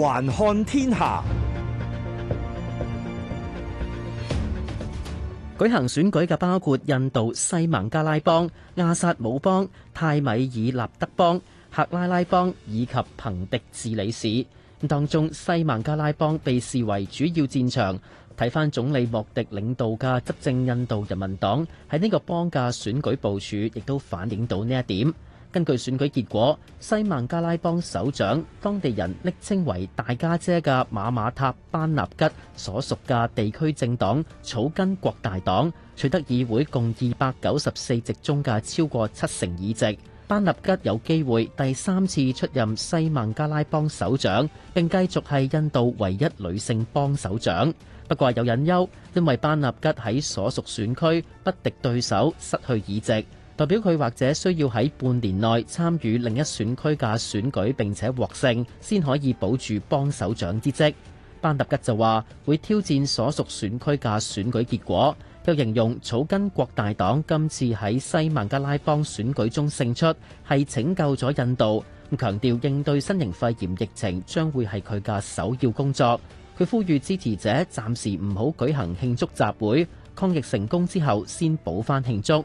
環看天下，舉行選舉嘅包括印度西孟加拉邦、阿薩姆邦、泰米爾納德邦、克拉拉邦以及彭迪治理市。當中，西孟加拉邦被視為主要戰場。睇返總理莫迪領導嘅執政印度人民黨喺呢個邦嘅選舉部署，亦都反映到呢一點。根據選舉結果，西孟加拉邦首長、當地人暱稱為「大家姐」嘅馬馬塔·班納吉所屬嘅地區政黨草根國大黨取得議會共二百九十四席中嘅超過七成議席。班納吉有機會第三次出任西孟加拉邦首長，並繼續係印度唯一女性邦首長。不過有隱憂，因為班納吉喺所屬選區不敵對手，失去議席。代表佢或者需要喺半年內參與另一選區嘅選舉並且獲勝，先可以保住邦首長之職。班特吉就話會挑戰所屬選區嘅選舉結果，又形容草根國大黨今次喺西孟加拉邦選舉中勝出，係拯救咗印度，強調應對新型肺炎疫情將會係佢嘅首要工作。佢呼籲支持者暫時唔好舉行慶祝集會，抗疫成功之後先補翻慶祝。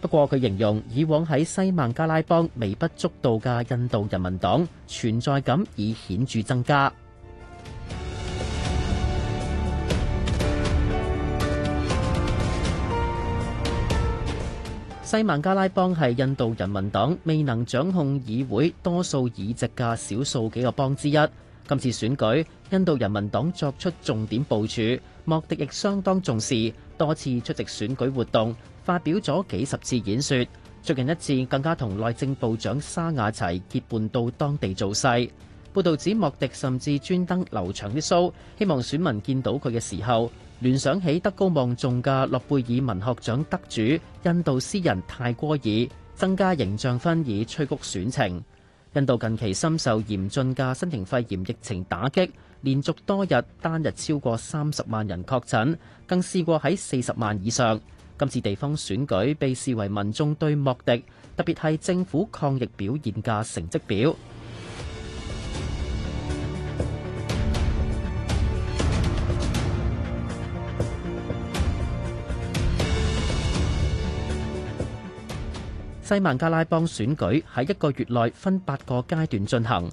不過，佢形容以往喺西孟加拉邦微不足道嘅印度人民黨存在感已顯著增加。西孟加拉邦係印度人民黨未能掌控議會多數議席嘅少數幾個邦之一。今次選舉，印度人民黨作出重點部署，莫迪亦相當重視，多次出席選舉活動。發表咗幾十次演說，最近一次更加同內政部長沙雅齊結伴到當地造勢。報道指莫迪甚至專登留長啲鬚，希望選民見到佢嘅時候聯想起德高望重嘅諾貝爾文學獎得主印度詩人泰戈爾，增加形象分，以催谷選情。印度近期深受嚴峻嘅新型肺炎疫情打擊，連續多日單日超過三十萬人確診，更試過喺四十萬以上。今次地方選舉被視為民眾對莫迪，特別係政府抗疫表現嘅成績表。 西孟加拉邦選舉喺一個月內分八個階段進行。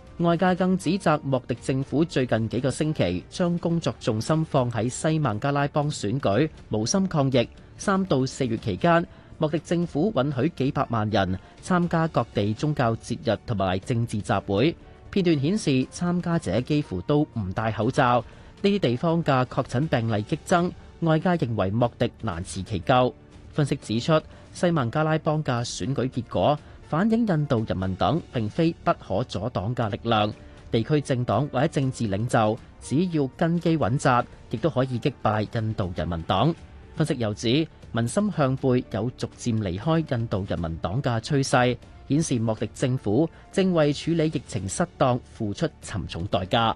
外界更指責莫迪政府最近幾個星期將工作重心放喺西孟加拉邦選舉，無心抗疫。三到四月期間，莫迪政府允許幾百萬人參加各地宗教節日同埋政治集會。片段顯示，參加者幾乎都唔戴口罩。呢啲地方嘅確診病例激增，外界認為莫迪難辭其咎。分析指出，西孟加拉邦嘅選舉結果，反映印度人民黨並非不可阻擋嘅力量，地區政黨或者政治領袖只要根基穩紮，亦都可以擊敗印度人民黨。分析又指，民心向背有逐漸離開印度人民黨嘅趨勢，顯示莫迪政府正為處理疫情失當付出沉重代價。